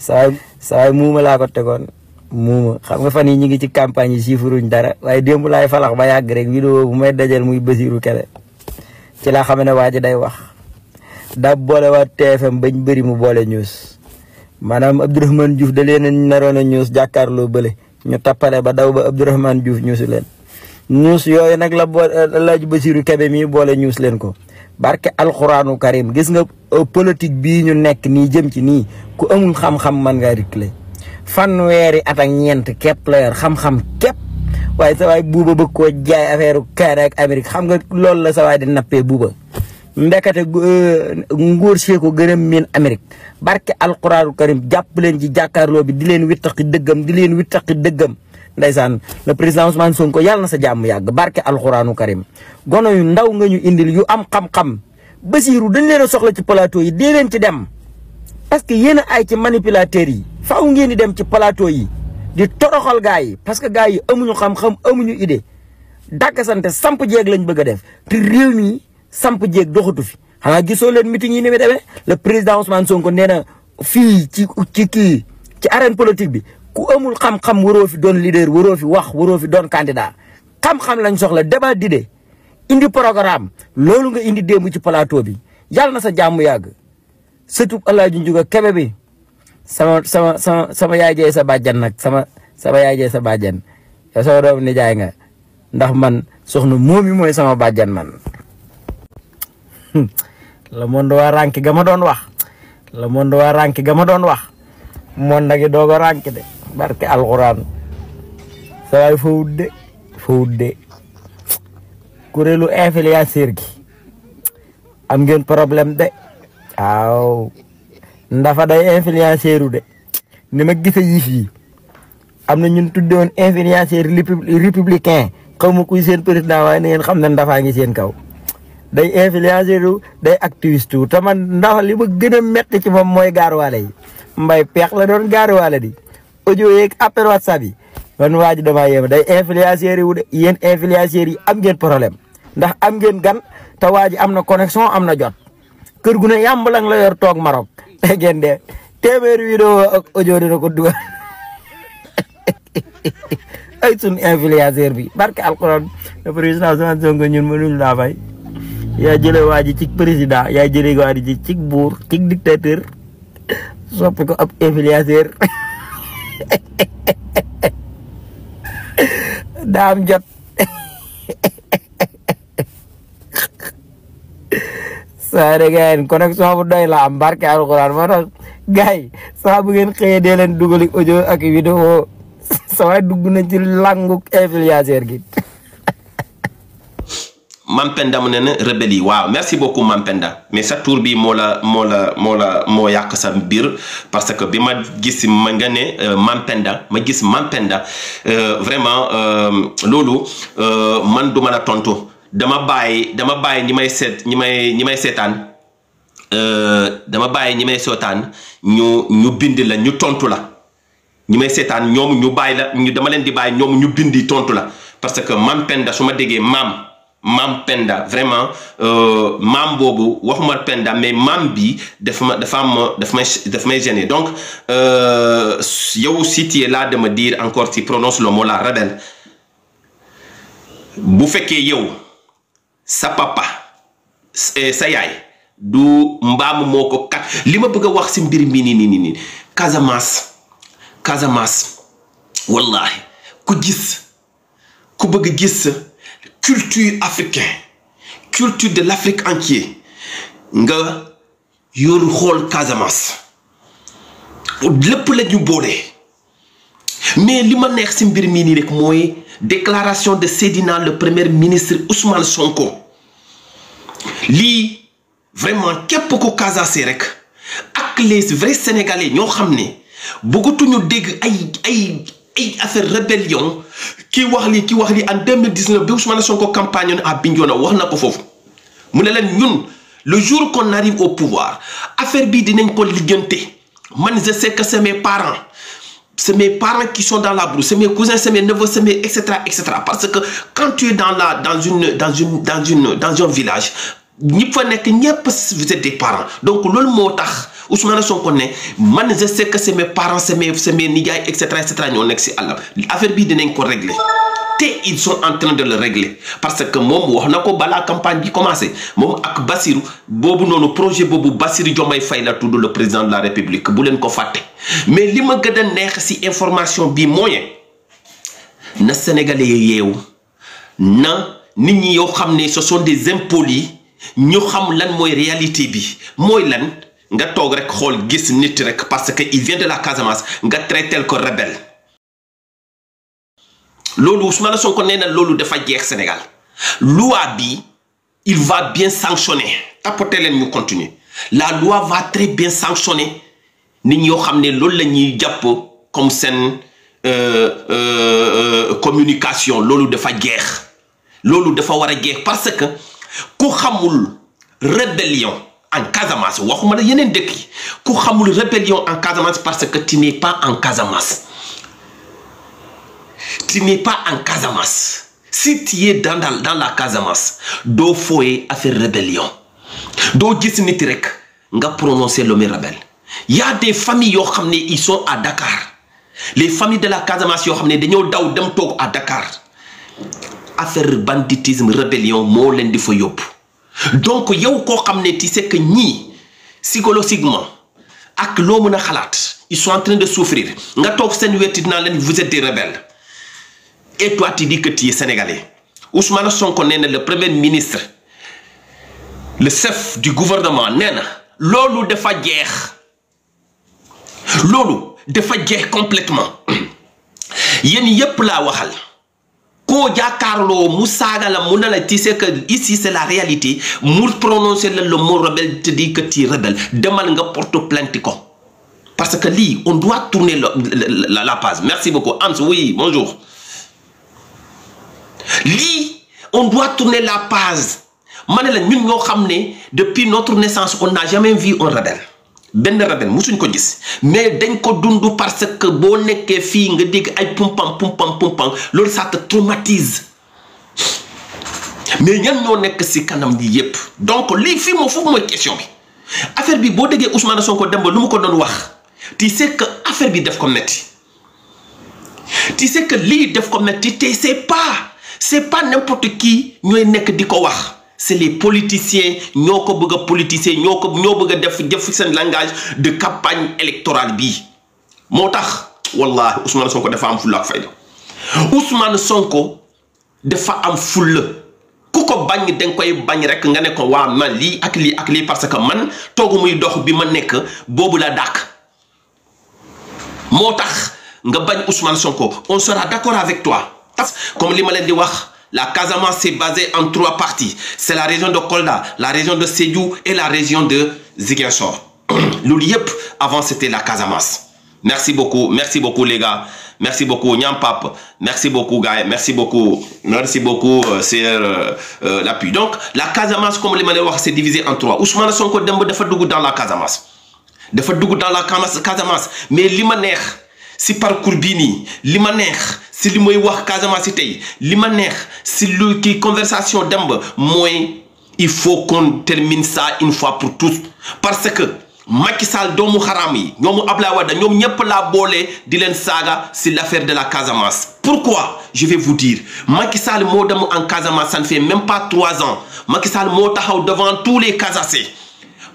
saa saa muuma laa ko tegoon muuma xam nga fan yi ñu ngi ci campagne yi siifuruñ dara waaye démb laay falax ba yàgg rek vidéo bu may dajal muy Basiiru Kebe ci laa xam ne waa ji day wax da boole waa bañ bëri mu boole news maanaam Abdourahmane Diouf da leen a naroon a news jàkkaarloo bële ñu tappale ba daw ba Abdourahmane Diouf ñuusu leen news yooyu nag la bo laaj Basiiru Kebe mii boole news leen ko barke alxuraanu karim gis nga euh, politique bii ñu nekk nii jëm ci nii ku amul xam-xam mën ngaa réclé fanweeri at ak ñeent képp la yor xam-xam képp waaye sa waay buuba bëgg koo jaay affaire Kaana ak xam nga loolu la sa waay di nappee buuba ndekete euh, nguur see ko gën a miin Amérique barke alxuraanu karim jàpp leen ci jàkkaarloo bi di leen wittaqi dëggam di leen wittaqi dëggam ndeysaan le président Ousmane Sonko yàlla na sa jàmm yàgg barke alxuraanu karim gono yu ndaw nga ñu indil yu am xam-xam Basiiru dañ leen a soxla ci plateau yi dee leen ci dem parce que yéen ay ci manipulateurs yi faaw ngeen di dem ci plateau yi di toroxal gars yi parce que gars yi amuñu xam-xam amuñu idée dàkkasante samp jeeg lañ bëgg a def te réew mi samp jeeg doxatu fi xanaa gisoo leen meeting yi ni mu demee le président Ousmane Sonko nee na fii ci ci kii ci arène polotique bi ku amul xam-xam waroo fi don leader waroo fi wax waroo fi don candidat xam-xam lañ soxla débat d'idée indi programme loolu nga indi démb ci plateau bi yalla na sa yag yàgg allah ju njuga kebe bi sama sama sama sama yaay jee sa badjan nak sama sama yaay jee sa badjan ya so do ni jaay nga ndax man soxna momi moy sama badjan man hmm. le monde wa ranki gama don wax le monde wa ranki gama don wax mon dogo ranki de berarti Al-Quran saya fude fude kurelu efel ya sirgi am ngeen problème de aw ndafa day influenceur de ni ma gise yi am amna ñun tudde won influenceur républicain xamu kuy seen président way ngeen xam ne ngi seen kaw day influenceur day activiste wu te man ndafa li ma gëna metti ci mom moy gaarwaale mbay pex la doon di audio yek appel whatsapp yi ban waji dama yema day influenceur yi wude yeen influenceur yi am ngeen problème ndax am ngeen gan te waa ji am connexion am jot keur gu yamb lang la yor tok Maroc te ngeen de téméré vidéo ak audio dina ko dugal ay sun influenceur bi barke alcorane le président sama jongo ñun mënu la bay ya jëlé waji ci président ya jëlé waji ci bour ci dictateur soppi ko ab influenceur Damjat. Sare gen konek so habu dai lambar ke al quran mara gai so habu gen kaya dia len dugu lik ujo aki video so habu dugu man Mampenda mu ne na rebelle yi waaw merci beaucoup Mampenda mais sa tour bi moo la moo la moo la moo yàq sa biir parce que bi ma gis ma nga ne euh, Mampenda ma gis Mampenda euh, vraiment euh, loolu man du ma a tontu dama bàyyi dama bàyyi ñi may seet ñi may ñi may seetaan dama bàyyi ñi may seetaan ñu ñu bind la ñu tontu la ñi may seetaan ñoom ñu bàyyi la ñu dama leen di bàyyi ñoom ñu bindi tontu la parce que Mampenda su ma déggee maam. maam Penda vraiment euh, maam boobu waxuma Penda mais maam bi daf ma dafa am daf may daf may gêner donc euh, yow si tu es là de me dire encore tu prononces le mot bu fekkee yow sa papa sa yaay du mbaam moo ko kat li ma bëgg a wax si mbir mi nii nii nii Casamance Casamance ku gis ku bëgg gis. culture africaine, culture de l'Afrique entier nga Your Hol Kazamas. lépp la bolé. mais li ma neex ci mbir rek déclaration de Sédina, le premier ministre Ousmane Sonko Li vraiment képp ko Casase rek ak les vrais sénégalais ñoo xam ne bëggatuñu dégg ay ay ay affaire rébellion qui wax li en 2019 je suis Sonko campagne à Bignona wax nako fofu ñun le jour qu'on arrive au pouvoir affaire bi dinañ ko man je sais que c'est mes parents c'est mes parents qui sont dans la brousse c'est mes cousins c'est mes neveux c'est mes etc etc parce que quand tu es dans la dans une dans une dans une dans un village ñi fa nekk pas vous êtes des parents donc le moo Ousmane Sonko ne man je sais que c'est mes parents c'est mes c'est mes etc, etc cetera et ñoo nekk si àll affaire bi dinañ ko régler té ils sont en train de le régler parce que mom wax na ko balaa campagne bi commencé mom ak Bassirou bobu nonu projet bobu Bassirou Diomaye Faye la tuddu le président de la République bu len ko faté mais lima ma gën neex si information bi mooy na sénégalais yew na nit ñi yo xamné ce sont des impolis ñu xam lan moy réalité bi moy lan nga tok rek xol gis parce que il vient de la Casamance nga ko rebelle Ousmane Sonko Sénégal loi il va bien sanctionner continuer la loi va très bien sanctionner nit ñoo xamné lolou la comme euh, euh, communication lolou dafa jeex lolou parce que ku rébellion en Casamance waxuma vous ne dëkk pas ku la rébellion en Casamance parce que tu n'es pas en Casamance tu n'es pas en Casamance si tu es dans dans dans la Casamance doo à faire rébellion doo gis que tu nga prononcer le mot Il y a des familles qui sont à Dakar les familles de la Casamance qui sont qui sont à Dakar affaire banditisme rébellion c'est ce di fa donc il y a encore tu sais que ñii psychologiquement avec l'homme mën a ils sont en train de souffrir vous êtes des rebelles et toi tu dis que tu es sénégalais Ousmane Sonko le premier ministre le chef du gouvernement lolo na guerre Il a fait la guerre complètement a yépp la waxal si que ici c'est la réalité mour prononcer le mot rebelle te dit que tu rebelle Demain nga porte plainte ko parce que li on doit tourner la la page merci beaucoup Hans, oui bonjour li on doit tourner la page mané nous la ñun depuis notre naissance on n'a jamais vu un rebelle benn raben musuñ ko gis mais dañ ko dund parce que bo nekké fi nga dégg ay pumpam pumpam pumpam loolu ça te traumatise mais ñan ñoo nekk si kanam di yépp donc li fi mo foofu mooy question bi affaire bi bo déggee Ousmane Sonko demba ba lu mu ko don wax tu sais que affaire bi def ko metti tu sais que li def ko metti te c'est pas c'est pas n'importe qui ñoy nekk diko wax c'est les politiciens ñoko bëgg politiciens ñoo ñoo langage de campagne électorale bi motax wallahi Ousmane Sonko dafa am un ak Ousmane Sonko dafa am fulla ku bañ koy bañ rek nga ne ko wa man ak ak parce que man muy dox la nga bañ Ousmane Sonko on sera d'accord avec toi comme les ma len di la Casamance s'est basée en trois parties. C'est la région de Kolda, la région de Sédou et la région de Ziguinchor. L'Ouliep, avant c'était la Casamance. Merci beaucoup, merci beaucoup les gars. Merci beaucoup Pap. merci beaucoup Gaël, merci beaucoup, merci beaucoup euh, c'est euh, euh, l'appui. Donc la Casamance, comme les Maléwak, c'est divisée en trois. Ousmane Sonko Dembo de Fadougou dans la Casamance. De Fadougou dans la Casamance. Mais l'Imaner, c'est par Kourbini, l'Imaner, si li wax Casamance si li ma neex si lu conversation dem il faut qu'on termine ça une fois pour toutes parce que Macky Sall yi di l'affaire de la Casamance. Pourquoi je vais vous dire Macky Sall mo en Casamance ça ne fait même pas trois ans Macky Sall mo taxaw devant tous les casassés.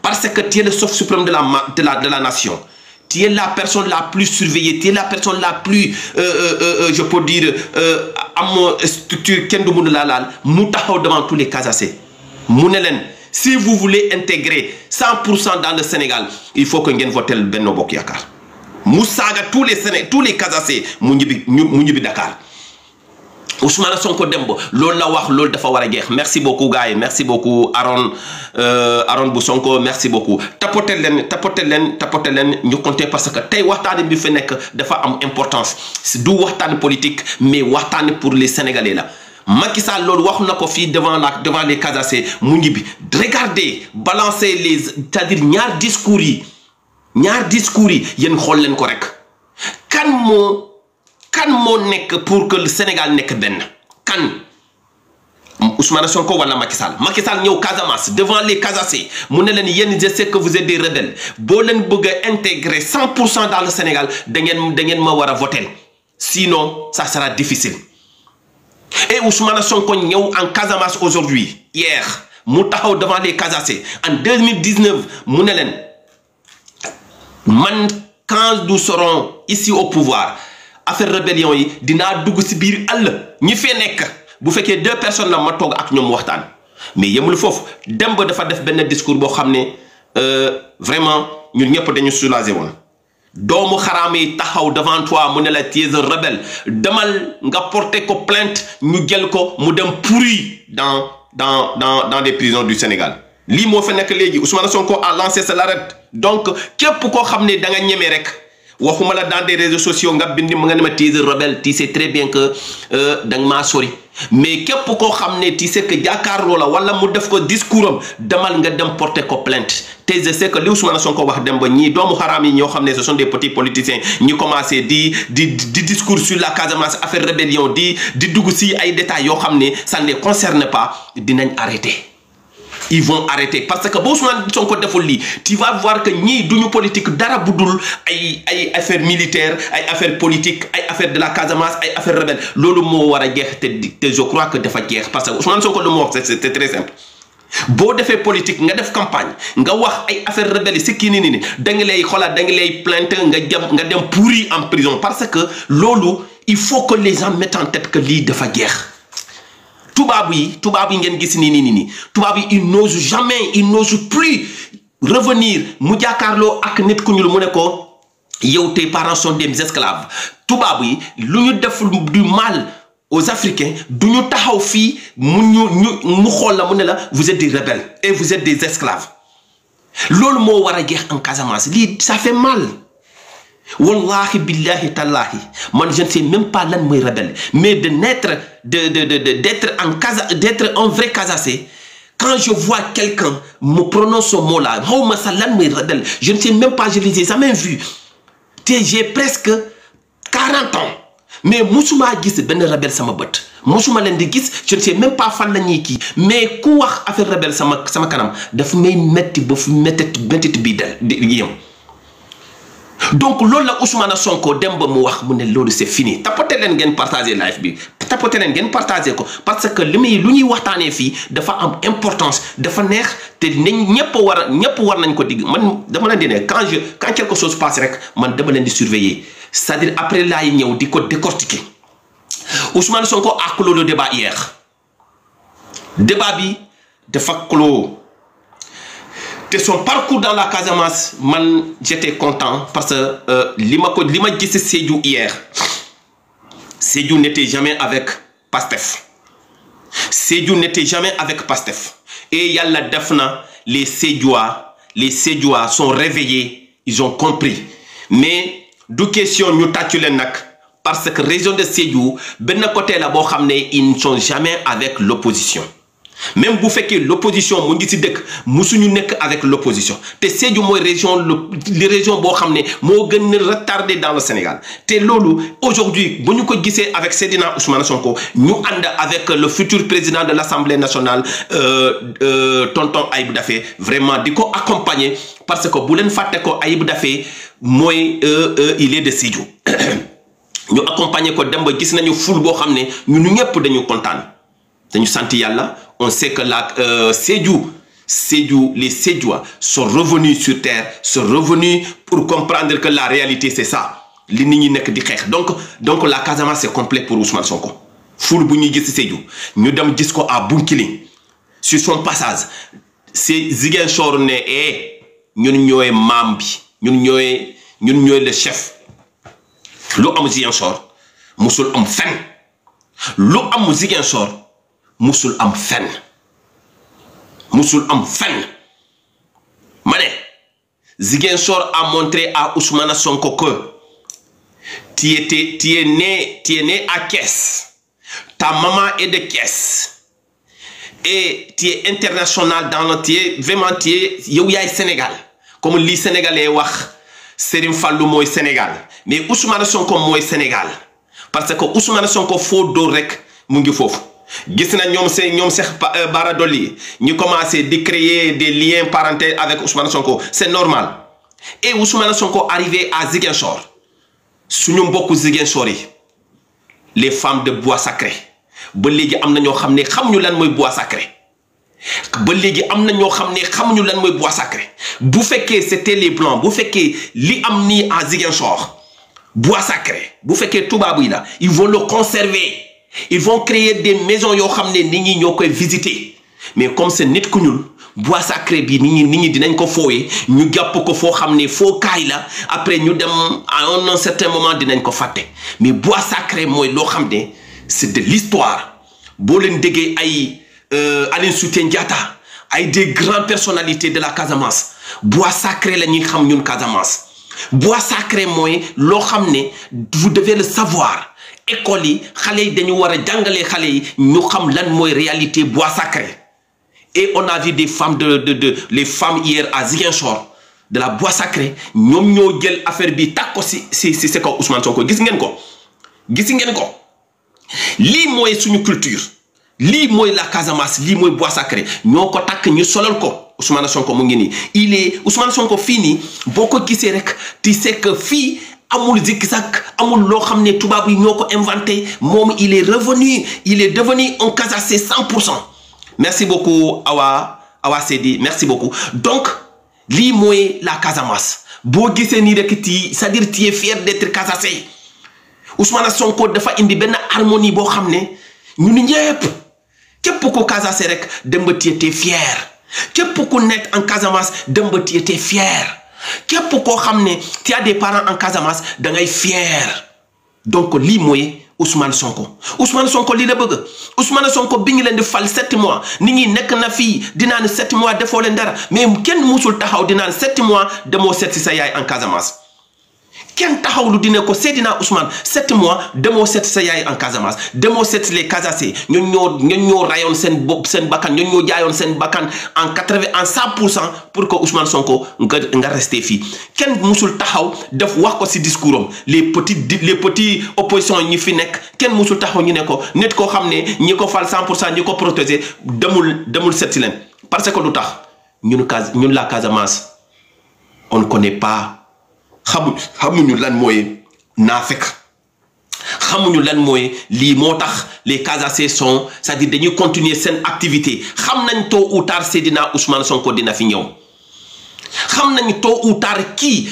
parce que tu es le chef suprême de de la de la nation tu es la personne la plus surveillée, tu es la personne la plus, euh, euh, euh, je peux dire, à mon structure, devant tous les Kazassés. Si vous voulez intégrer 100% dans le Sénégal, il faut que vous votez le Benno Bokyakar. Moussaga, tous les, tous les Kazassés, Mounibi Dakar. Ousmane Sonko Dembo, lol la wax loolu dafa war merci beaucoup gars merci beaucoup Aaron euh, Aaron bu merci beaucoup tapote len, tapote len, tapote len, nous comptons parce que T'es waxtaan bi fi de dafa am importance du waxtaan politique mais waxtaan pour les Sénégalais là. Macky Sall loolu wax na devant la devant les Casacé mu regardez balancer les c'est-à-dire ñaar discours yi ñaar discours yi yéen xool leen ko rek kan moo kan mo nek pour que le Sénégal nek ben kan Ousmane Sonko wala Macky Sall Macky Sall ñëw Casamance devant les Casacé mu ne je sais que vous êtes des rebelles Si vous bëgg intégrer 100 dans le Sénégal da ngeen da voter sinon ça sera difficile. et Ousmane Sonko ñëw en Kazamas aujourd'hui hier mu taxaw devant les Casacé en 2019 mu ne man quand nous serons ici au pouvoir affaire rébellion yi dina dugg ci biir àll ñi fe nek bu que deux personnes la ma ak ñom waxtaan mais yëmul fofu dem ba dafa def discours bo xamné euh, vraiment ñun ñëpp dañu soulagé won doomu devant toi rebelle demal nga porter ko plainte ñu pourri dans dans dans les prisons du Sénégal. li mo fa nek Ousmane Sonko a lancé arrêt donc képp ko xamné da nga waxuma la dans des réseaux sociaux nga bind mu nga ne ma tu rebelle tu sais très bien que euh nga ma sori mais kep ko xamné ne tu sais que jàkkaarloo la wala mu def ko discours am demal nga dem porter ko plainte te sais que li Ousmane Sonko wax dem ba ñi doomu xaraam yi ñoo xamné ce sont des petits politiciens ñi commencé di di di discours sur la Casamance affaire rébellion di di dugg ci ay détails yo xamné ça ne concerne pas dinañ arrêter ils vont arrêter parce que ba son Sonko deful lii tu vas voir que ni duñu politique dara bu dul ay ay affaire militaire ay affaire politique ay affaire de la Casamance ay affaire rebelle loolu moo wara a jeex te je crois que dafa guerre. parce que Ousmane Sonko lu wax c'est très simple boo defee politique nga def campagne nga wax ay affaire rebelle C'est qui nini nii da nga lay xoolaat da nga lay plainte nga jëm nga pourri en prison parce que Lolo, il faut que les gens mettent en tête que de la guerre tubaab yi tout babi, ngeen gis ni ni yi il n'ose jamais il n'ose plus revenir mu Carlo, ak nit ku ñuul mu yow tes parents sont des esclaves Tout yi lu def du mal aux africains du taxaw mu la mu vous êtes des rebelles et vous êtes des esclaves loolu mo wara a en Casamance ça fait mal wallahi billahi tallahi man je ne sais même pas lan mooy rebelle mais de naître de de de d'être en casa d'être un vrai Casassé quand je vois quelqu'un me prononce ce mot là oh ma lan mooy rebelle je ne sais même pas je les ai jamais vus j'ai presque 40 ans mais musuma gis benn rebelle sama bët musuma leen di gis je ne sais même pas fan la ñuy mais quoi wax affaire rebelle sama sama kanam daf may metti ba fu métti métti bii dal donc loolu la Ousmane Sonko dem ba mu wax mu ne loolu c'est fini tapote leen ngeen partagé live bi tapote leen ngeen partagé ko parce que li muy lu ñuy waxtaanee fii dafa am importance dafa neex te nañ ñëpp war ñëpp war nañ ko digg man dama leen di ne quand je quand quelque rek man dama leen di surveiller c'est-à-dire après laay ñëw di ko décortiquer Ousmane Sonko a clos le débat hier débat bi dafa clos. De son parcours dans la Casamance j'étais content parce que euh, li ma hier Sédu n'était jamais avec Pastef Sédu n'était jamais avec Pastef et il y a les DAFNA, les Séduis sont réveillés ils ont compris mais d'où question ñu nous parce que région de côté la bas ils ne sont jamais avec l'opposition même bu que l'opposition mu ngi ci dëkk musuñu nek avec l'opposition té Sédhiou moy région les régions bo xamné mo gën retardé dans le Sénégal té lolu aujourd'hui buñu ko gissé avec Seydina Ousmane Sonko ñu and avec le futur président de l'Assemblée nationale euh, euh, tonton Ayib Dafé vraiment diko accompagner parce que bu len faté ko moy euh, euh, il est de Sédhiou ñu accompagner ko dem ba gis nañu ful bo xamné ne ñun ñëpp dañu contane dañu santi yalla on sait que la euh, les Sédouas sont revenus sur terre, sont revenus pour comprendre que la réalité c'est ça. li donc donc la Casama, c'est complet pour Ousmane Sonko foule bu dit gis Sédhiou ñu dem gis ko à Bounkiling sur son passage si Zigenchor, ne eh ñun ñooy maam bi ñun ñun le chef lu am Ziguinchor musul am fenn lu am musul am fenn musul am fenn mané Ziguinchor a montré à Ousmane Sonko que tu étais tu es né tu es né à caisse ta maman est de caisse et tu es international dans le tu es vraiment tu es yow Sénégal comme li sénégalais wax Serigne Fallou moy Sénégal mais Ousmane Sonko moy Sénégal parce que Ousmane Sonko fo do rek mu fofu gis nañ ñoom see ñoom Cheikh euh, Bara Dolly ñu commencé à créer des liens parentés avec Ousmane Sonko c'est normal et Ousmane Sonko arrivé à Ziguinchor suñu mbokku Ziguinchor yi les femmes de bois sacré ba léegi am na ñoo xam lan bois sacré ba léegi am na ñoo xam lan bois sacré bu c'était les blancs bu fekkee li am à Ziguinchor bois sacré bu fekkee tubaab yi ils vont le conserver ils vont créer des maisons yo xamné ni nit ñi ñoo visiter mais comme c'est nit ku bois sacré bi nit ñi nit ñi dinañ ko fooyee ñu japp ko fo xamné fo kay la après ñu dem à un certain moment dinañ ko faté. mais bois sacré moy lo xamné c'est de l'histoire Bo leen déggee ay euh, Aline Sitoé Diata ay des grandes personnalités de la Casamance bois sacré la ñi xam ñun Casamance bois sacré moy lo xamné vous devez le savoir école yi xalé yi dañu wara a xalé yi ñu xam lan moy réalité bois sacré et on a vu des femmes de de de les femmes hier à Ziguinchor de la bois sacré ñom ñoo jël affaire bi tàkk ko si si c'est quoi Ousmane Sonko gis ngeen ko gis ngeen ko li moy suñu culture li moy la Casamance li moy bois sacré ñoko tak ñu solal ko Ousmane Sonko mu ngi ni il est Ousmane Sonko fini boko boo rek tu sais que fi amul zikzak amul loo xam ne tubaab yi ñoo inventé mom il est revenu il est devenu en casacé 100 merci beaucoup Awa Awa cedi merci beaucoup donc li moy la Casamance bo gisee se rek ti, c'est-à-dire tu es fier d'être casacé Ousmane Sonko dafa indi ben harmonie bo xamné ne ñun ñëpp képp ku rek dem tu fier képp ku net en Casamance dem fier képp koo xam ne tu as des parents en Casamance da ngay fier donc lii mooy Ousmane Sonko Ousmane Sonko lii la bëgg Ousmane Sonko bi ngi leen di fal sept mois ni ñi nekk na fii dinaan sept mois defoo leen dara mais kenn musul taxaw dinaan sept mois demoo seet si sa yaay en Casamance. kenn taxawlu dina ko sedina Ousmane 7 mois demo sept, sa en Casamance demo 7 les casacés ñoo ñoo en quatre en pour que Ousmane Sonko nga nga fi musul taxaw def wax ko discours les petits les petits opposition ñi fi musul taxaw ñu ne ko nit 100 ñi ko protéger demul demul parce que lu ñun la on ne connaît pas. xamu xamuñu lan mooy naafeq xamuñu lan mooy lii moo tax les Casacé sont cest à dañuy continuer seen activité xam nañ tôt ou tard Seydina Ousmane Sonko dina fi ñëw. xamnañ to ou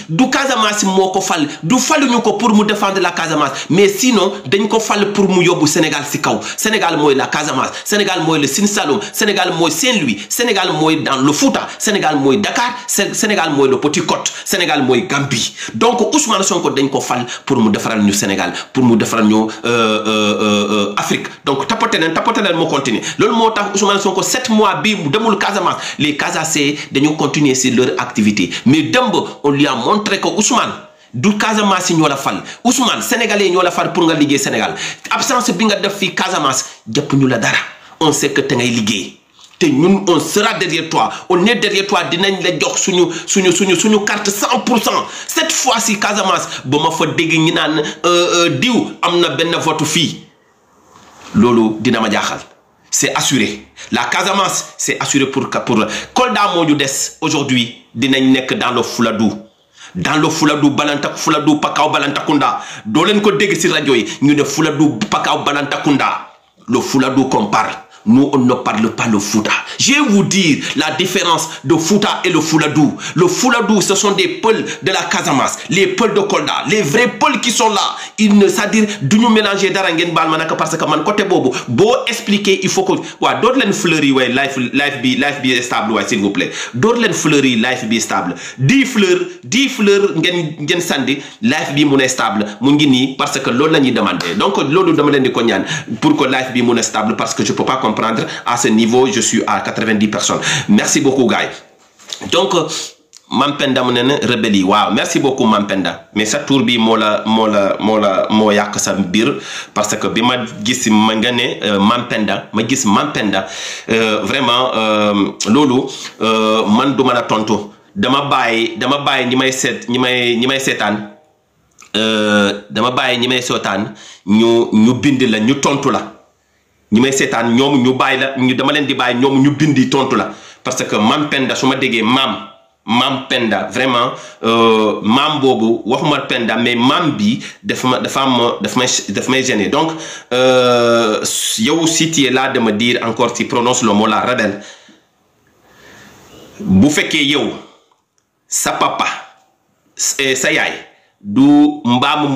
du Casamance moko fal du falluñu ko pour mu défendre la Casamance mais sinon dañ ko fal pour mu yobbu Sénégal ci kaw Sénégal moy la Casamance Sénégal moy le Sin Saloum Sénégal moy Saint-Louis Sénégal moy dans le Fouta Sénégal moy Dakar Sénégal moy le Petit Côte Sénégal moy Gambie donc Ousmane Sonko dañ ko fal pour mu le ñu Sénégal pour mu defaral ñu euh, euh, euh, Afrique donc tapote leen tapote leen continuer loolu Ousmane Sonko sept mois bim mu demul Casamance les Casacé dañoo continuer si leur acte activité mais dëmb on lui a montré que Ousmane du Casamance ñoo la fal Ousmane sénégalais ñoo la fal pour nga liguer Sénégal absence bi nga def fi Casamance jàpp ñu la dara on sait que te ngay liggéey te ñun on sera derrière toi on est derrière toi dinañ la jox suñu suñu suñu suñu carte cent pour cent cette fois ci Casamance ba ma fa dégg ñi euh, euh diw am na benn vote fi lolu dina ma jaxal c'est assuré la Casamance c'est assuré pour pour Kolda aujourd'hui nous sommes dans le Fouladou dans le Fouladou Balantak Fouladou Pakao Balantakunda ko ci Fouladou Pakao Balantakunda le Fouladou compare nous, on ne parle pas le Fouta. Je vais vous dire la différence de Fouta et le Fouladou. Le Fouladou, ce sont des peuls de la Casamance, les peuls de Kolda, les vrais peuls qui sont là. Ils ne, c'est-à-dire, de nous mélanger d'Arangen Balmanaka parce que man côté bobo, beau expliquer, il faut que, ouais, d'autres l'en ouais, life, life be, life be stable, s'il vous plaît. D'autres l'en life be stable. 10 fleurs, 10 fleurs, ngen, ngen sandi, life be mon stable, parce que l'on l'a demandé. Donc, l'on demande de cognan pour que life be mon stable parce que je peux pas comprendre comprendre. À ce niveau, je suis à 90 personnes. Merci beaucoup, Guy. Donc, Mampenda mu rebelli Waouh, merci beaucoup Mampenda mais ça tourbi mola mola mola moi la la parce que bima ma gis ma euh, Mampenda ma gis Mampenda euh, vraiment euh, loolu man du ma la dama baye, dama baye ñi may seet ñi may ñi may seetaan dama baye ñi may ñu ñu bind la ñu tonto la ñi may seetaan ñoom ñu bay la ñu dama len di bay ñom ñu bindi tontu la parce que mam Penda suma ma mam mam Penda vraiment euh, mam bobo waxuma Penda mais mambi bi dafa ma dafa am daf may gêner donc euh, yow city tu es là de me dire encore si prononce le mot la rebelle bu féké yow sa papa sa yaye du mbam